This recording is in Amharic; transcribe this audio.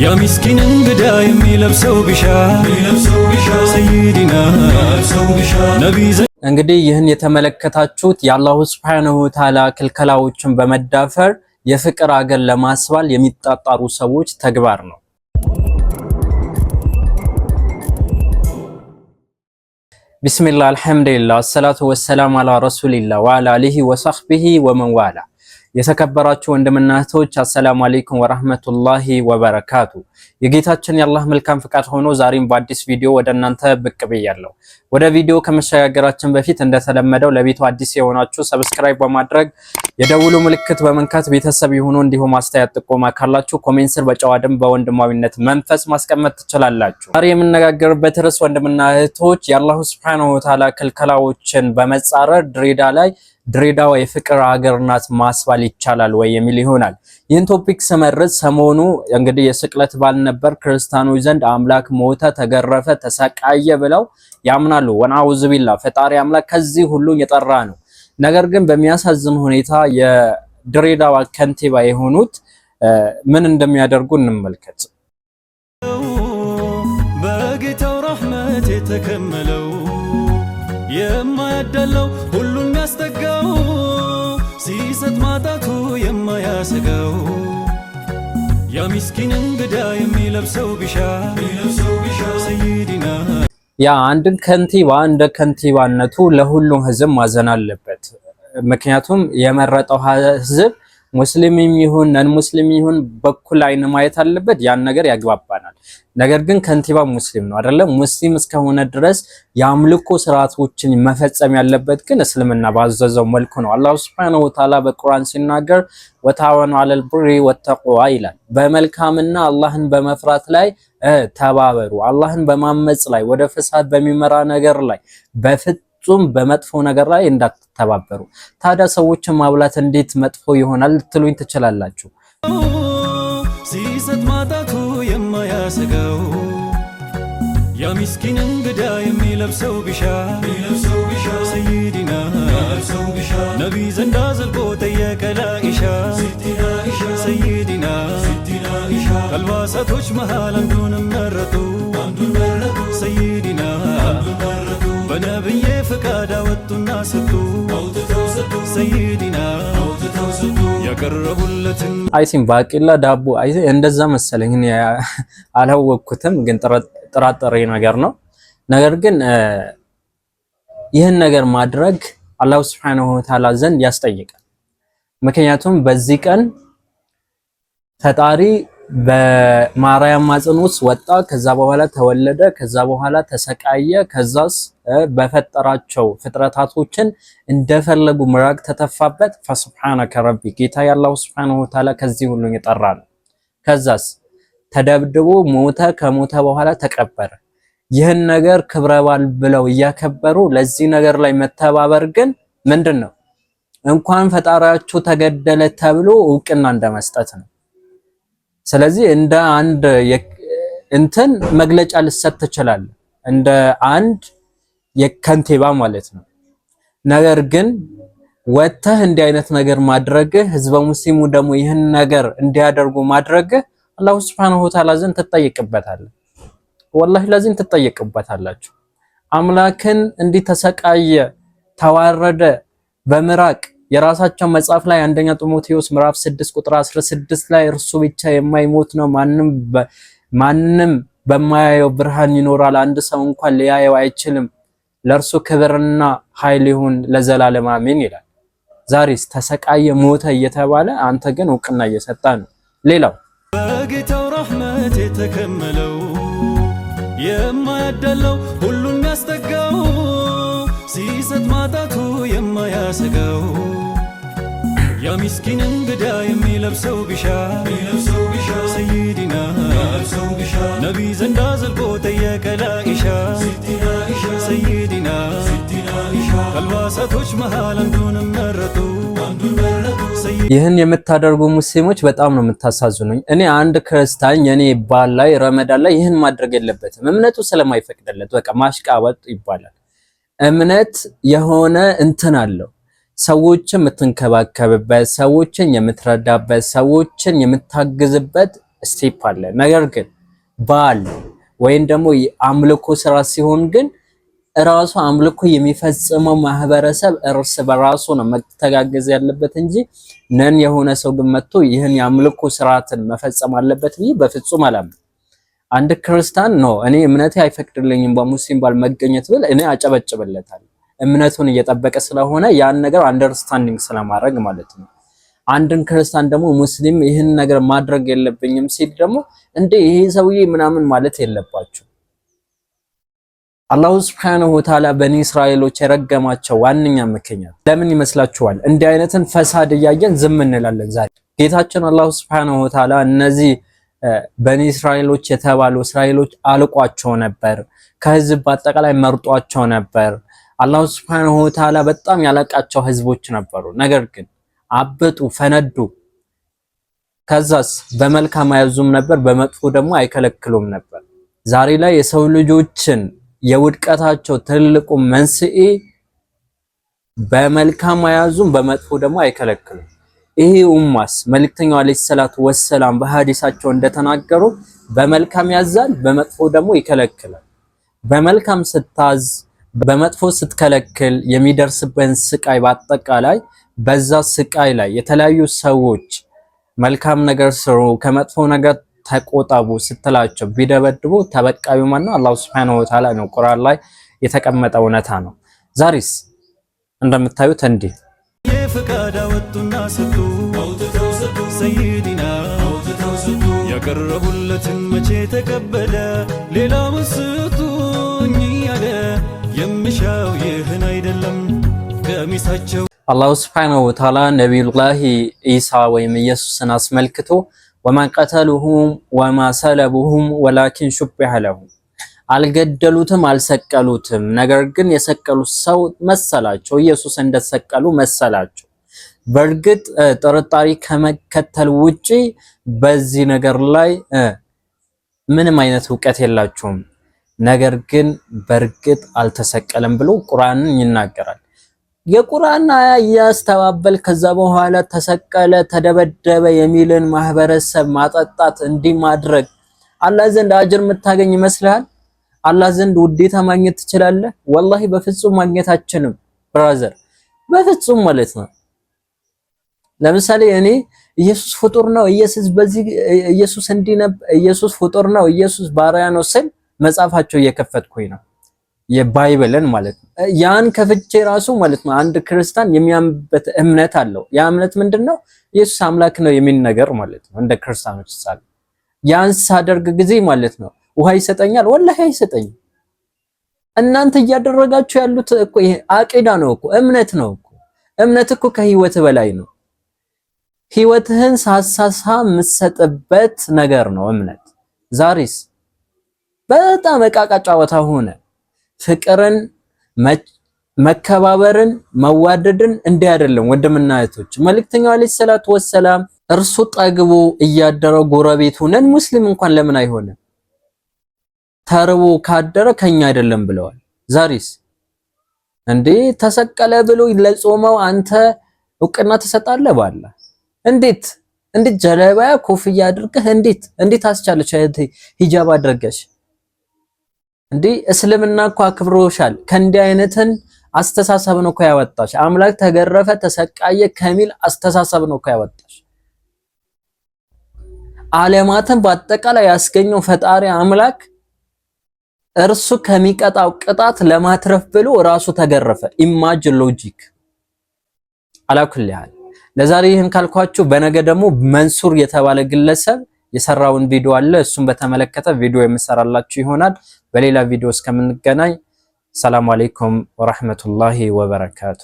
ያ ምስኪን እንግዳ የሚለብሰው ቢሻ ሰይዲና እንግዲህ ይህን የተመለከታችሁት የአላሁ ሱብሓነሁ ወተዓላ ክልከላዎችን በመዳፈር የፍቅር አገር ለማስባል የሚጣጣሩ ሰዎች ተግባር ነው። ቢስሚላህ አልሐምዱሊላህ አሰላቱ ወሰላም አላ ረሱሊላህ ወአላ አሊሂ ወሰህቢሂ ወመንዋላ የተከበራችሁ ወንድምና እህቶች አሰላሙ አለይኩም ወራህመቱላሂ ወበረካቱ። የጌታችን የአላህ መልካም ፍቃድ ሆኖ ዛሬም በአዲስ ቪዲዮ ወደ እናንተ ብቅ ብያለሁ። ወደ ቪዲዮ ከመሸጋገራችን በፊት እንደተለመደው ለቤቱ አዲስ የሆናችሁ ሰብስክራይብ በማድረግ የደውሉ ምልክት በመንካት ቤተሰብ የሆኑ እንዲሁም አስተያየት ጥቆማ ካላችሁ ኮሜንት ስር በጨዋ በወንድማዊነት መንፈስ ማስቀመጥ ትችላላችሁ። ዛሬ የምነጋገርበት ርዕስ ወንድምና እህቶች የአላሁ ሱብሓነሁ ወተዓላ ክልከላዎችን በመጻረር ድሬዳ ላይ ድሬዳዋ የፍቅር ሀገር ናት ማስባል ይቻላል ወይ የሚል ይሆናል። ይህን ቶፒክ ስመርጥ ሰሞኑ እንግዲህ የስቅለት በዓል ነበር። ክርስቲያኖች ዘንድ አምላክ ሞተ፣ ተገረፈ፣ ተሰቃየ ብለው ያምናሉ። ወናውዝ ቢላ ፈጣሪ አምላክ ከዚህ ሁሉ የጠራ ነው። ነገር ግን በሚያሳዝን ሁኔታ የድሬዳዋ ከንቲባ የሆኑት ምን እንደሚያደርጉ እንመልከት። በጌታው ረህመት የተከመለው የማያዳለው ሁሉን የሚያስጠጋው ሲሰጥ ማጣቱ የማያሰጋው ያ ምስኪን እንግዳ የሚለብሰው ቢሻ ያ አንድን ከንቲባ እንደ ከንቲባነቱ ለሁሉም ህዝብ ማዘን አለበት። ምክንያቱም የመረጠው ህዝብ ሙስሊምም ይሁን ነን ሙስሊም ይሁን በኩል አይን ማየት አለበት። ያን ነገር ያግባባናል። ነገር ግን ከንቲባ ሙስሊም ነው አይደለም? ሙስሊም እስከሆነ ድረስ የአምልኮ ስርዓቶችን መፈጸም ያለበት ግን እስልምና ባዘዘው መልኩ ነው። አላሁ ሱብሓነሁ ወተዓላ በቁርአን ሲናገር ወታወኑ አለል ብሪ ወተቁዋ ይላል። በመልካምና አላህን በመፍራት ላይ ተባበሩ። አላህን በማመጽ ላይ ወደ ፍሳድ በሚመራ ነገር ላይ በፍት በፍጹም በመጥፎ ነገር ላይ እንዳትተባበሩ። ታዲያ ሰዎችን ማብላት እንዴት መጥፎ ይሆናል ልትሉኝ ትችላላችሁ። ሲሰጥ ማጣቱ የማያሰጋው ያ እንግዳ የሚለብሰው ቢሻ ሰይዲና ነቢ ዘንዳ ዘልቆ ጠየቀ ላኢሻ መሃል መረጡ ፍቃድ አወጡና ሰጡ ሰይዲና ያቀረቡለትን አይሲን ባቂላ ዳቦ እንደዛ መሰለኝ አላወቅኩትም፣ ግን ጥራጥሬ ነገር ነው። ነገር ግን ይህን ነገር ማድረግ አላሁ ስብሐነሁ ወተዓላ ዘንድ ያስጠይቃል። ምክንያቱም በዚህ ቀን ፈጣሪ በማርያም ማጽን ውስጥ ወጣ። ከዛ በኋላ ተወለደ። ከዛ በኋላ ተሰቃየ። ከዛስ በፈጠራቸው ፍጥረታቶችን እንደፈለጉ ምራቅ ተተፋበት። ፈሱብሓነከ ረቢ ጌታ ያላሁ ስብሓነሁ ወተዓላ ከዚህ ሁሉ የጠራ ነው። ከዛስ ተደብድቦ ሞተ። ከሞተ በኋላ ተቀበረ። ይህን ነገር ክብረ በዓል ብለው እያከበሩ ለዚህ ነገር ላይ መተባበር ግን ምንድን ነው? እንኳን ፈጣሪያቸው ተገደለ ተብሎ እውቅና እንደመስጠት ነው። ስለዚህ እንደ አንድ እንትን መግለጫ ልሰጥ ትችላለህ፣ እንደ አንድ የከንቲባ ማለት ነው። ነገር ግን ወጥተህ እንዲህ አይነት ነገር ማድረግህ፣ ህዝበ ሙስሊሙ ደግሞ ይህን ነገር እንዲያደርጉ ማድረግህ አላሁ ሱብሓነሁ ወተዓላ ዘንድ ትጠይቅበታለህ። ወላሂ ለዚህ ትጠየቅበታላችሁ። አምላክን እንዲህ ተሰቃየ፣ ተዋረደ በምራቅ የራሳቸው መጽሐፍ ላይ አንደኛ ጢሞቴዎስ ምዕራፍ 6 ቁጥር 16 ላይ እርሱ ብቻ የማይሞት ነው፣ ማንም ማንም በማያየው ብርሃን ይኖራል፣ አንድ ሰው እንኳን ሊያየው አይችልም፣ ለእርሱ ክብርና ኃይል ይሁን ለዘላለም አሜን ይላል። ዛሬስ ተሰቃየ፣ ሞተ እየተባለ አንተ ግን እውቅና እየሰጠ ነው። ሌላው በጌታው ረህመት የተከመለው የማያዳለው ሁሉን የሚያስጠጋው ሲሰጥ ማጣቱ የማያሰጋው ምስኪን ግዳ የሚለብሰው ቢሻ ሰይዲና ነቢ ዘንዳ ዘልቆ ጠየቀ ላኢሻ ሰይዲና ከአልባሳቶች መሃል አንዱንም መረጡ። ይህን የምታደርጉ ሙስሊሞች በጣም ነው የምታሳዝኑኝ። እኔ አንድ ክርስቲያን የኔ ባል ላይ ረመዳን ላይ ይህን ማድረግ የለበትም እምነቱ ስለማይፈቅድለት። በቃ ማሽቃበጥ ይባላል። እምነት የሆነ እንትን አለው ሰዎችን የምትንከባከብበት፣ ሰዎችን የምትረዳበት፣ ሰዎችን የምታግዝበት ስቴፕ አለ። ነገር ግን ባል ወይም ደግሞ የአምልኮ ስራ ሲሆን ግን እራሱ አምልኮ የሚፈጽመው ማህበረሰብ እርስ በራሱ ነው መተጋገዝ ያለበት እንጂ ነን የሆነ ሰው ግን መጥቶ ይህን የአምልኮ ስርዓትን መፈጸም አለበት ብዬ በፍጹም አላም። አንድ ክርስቲያን ነው እኔ እምነቴ አይፈቅድልኝም በሙስሊም ባል መገኘት ብል እኔ አጨበጭብለታል። እምነቱን እየጠበቀ ስለሆነ ያን ነገር አንደርስታንዲንግ ስለማድረግ ማለት ነው። አንድን ክርስቲያን ደግሞ ሙስሊም ይህን ነገር ማድረግ የለብኝም ሲል ደግሞ እንዴ ይሄ ሰውዬ ምናምን ማለት የለባቸው። አላሁ ስብሐነሁ ወተዓላ በኒ እስራኤሎች የረገማቸው ዋነኛ ምክንያት ለምን ይመስላችኋል? እንዲህ አይነትን ፈሳድ እያየን ዝም እንላለን። ዛሬ ጌታችን አላሁ ስብሐነሁ ወተዓላ እነዚህ በኒ እስራኤሎች የተባሉ እስራኤሎች አልቋቸው ነበር፣ ከህዝብ በአጠቃላይ መርጧቸው ነበር አላሁ ስብሓነሁ ወተዓላ በጣም ያለቃቸው ህዝቦች ነበሩ። ነገር ግን አበጡ፣ ፈነዱ። ከዛስ በመልካም አያዙም ነበር፣ በመጥፎ ደግሞ አይከለክሉም ነበር። ዛሬ ላይ የሰው ልጆችን የውድቀታቸው ትልቁ መንስኤ በመልካም አያዙም፣ በመጥፎ ደግሞ አይከለክሉም። ይሄ ኡማስ መልእክተኛው አለይሂ ሰላቱ ወሰላም በሐዲሳቸው እንደተናገሩ በመልካም ያዛል፣ በመጥፎ ደግሞ ይከለክላል። በመልካም ስታዝ በመጥፎ ስትከለክል የሚደርስብን ስቃይ በአጠቃላይ በዛ ስቃይ ላይ የተለያዩ ሰዎች መልካም ነገር ስሩ፣ ከመጥፎ ነገር ተቆጠቡ ስትላቸው ቢደበድቡ ተበቃዩ ማነው? ነው? አላሁ ሱብሓነሁ ወተዓላ ነው። ቁርአን ላይ የተቀመጠ እውነታ ነው። ዛሬስ እንደምታዩት እንዲህ የፍቃድ ያቀረቡለትን መቼ ተቀበለ ሌላ ምስቱኝ መጨረሻው ይህን አይደለም ገሚሳቸው። አላሁ ስብሓነሁ ወተዓላ ነቢዩላህ ኢሳ ወይም ኢየሱስን አስመልክቶ ወማ ቀተሉሁም ወማ ሰለቡሁም ወላኪን ሹቢሐ ለሁም አልገደሉትም፣ አልሰቀሉትም። ነገር ግን የሰቀሉት ሰው መሰላቸው፣ ኢየሱስ እንደሰቀሉ መሰላቸው። በእርግጥ ጥርጣሪ ከመከተል ውጪ በዚህ ነገር ላይ ምንም አይነት እውቀት የላቸውም። ነገር ግን በእርግጥ አልተሰቀለም ብሎ ቁርአንን ይናገራል። የቁርአን አያ እያስተባበል ከዛ በኋላ ተሰቀለ፣ ተደበደበ የሚልን ማህበረሰብ ማጠጣት እንዲህ ማድረግ አላህ ዘንድ አጅር የምታገኝ ይመስልሃል? አላህ ዘንድ ውዴታ ማግኘት ትችላለህ? ወላሂ በፍጹም ማግኘታችንም ብራዘር፣ በፍጹም ማለት ነው። ለምሳሌ እኔ ኢየሱስ ፍጡር ነው፣ ኢየሱስ በዚህ ኢየሱስ እንዲህ ነው፣ ኢየሱስ ፍጡር ነው፣ ኢየሱስ ባሪያ ነው ስል መጽሐፋቸው እየከፈትኩኝ ነው የባይብልን ማለት ነው። ያን ከፍቼ ራሱ ማለት ነው አንድ ክርስቲያን የሚያምንበት እምነት አለው። ያ እምነት ምንድን ነው? ኢየሱስ አምላክ ነው የሚል ነገር ማለት ነው። እንደ ክርስቲያኖች ሳለ ያን ሳደርግ ጊዜ ማለት ነው ውሃ ይሰጠኛል፣ ወላሂ አይሰጠኝም። እናንተ እያደረጋችሁ ያሉት እኮ ይሄ አቂዳ ነው እኮ እምነት ነው እኮ እምነት እኮ ከህይወት በላይ ነው። ህይወትህን ሳሳሳ የምትሰጥበት ነገር ነው እምነት ዛሬስ በጣም እቃቃ ጨዋታ ሆነ። ፍቅርን፣ መከባበርን፣ መዋደድን እንዲህ አይደለም። ወንድምና እህቶች መልእክተኛው አለይሂ ሰላቱ ወሰላም እርሱ ጠግቦ እያደረው ጎረቤት ነን ሙስሊም እንኳን ለምን አይሆንም? ተርቦ ካደረ ከኛ አይደለም ብለዋል። ዛሬስ እንዴ ተሰቀለ ብሎ ለጾመው አንተ እውቅና ትሰጣለህ? ባላ እንዴት እንዴት ጀለባያ ኮፍያ አድርገህ እንዴት እንዴት አስቻለች ሂጃብ አድርገሽ እንዲህ እስልምና እኮ አክብሮሻል። ከእንዲህ አይነትን አስተሳሰብ ነው እኮ ያወጣሽ። አምላክ ተገረፈ ተሰቃየ ከሚል አስተሳሰብ ነው እኮ ያወጣሽ። ዓለማትን በአጠቃላይ ያስገኘው ፈጣሪ አምላክ እርሱ ከሚቀጣው ቅጣት ለማትረፍ ብሎ ራሱ ተገረፈ። ኢማጅ ሎጂክ አላኩልህ። ለዛሬ ይህን ካልኳችሁ፣ በነገ ደግሞ መንሱር የተባለ ግለሰብ የሰራውን ቪዲዮ አለ። እሱን በተመለከተ ቪዲዮ የምሰራላችሁ ይሆናል። በሌላ ቪዲዮ እስከምንገናኝ ሰላም አለይኩም ወራህመቱላሂ ወበረካቱ።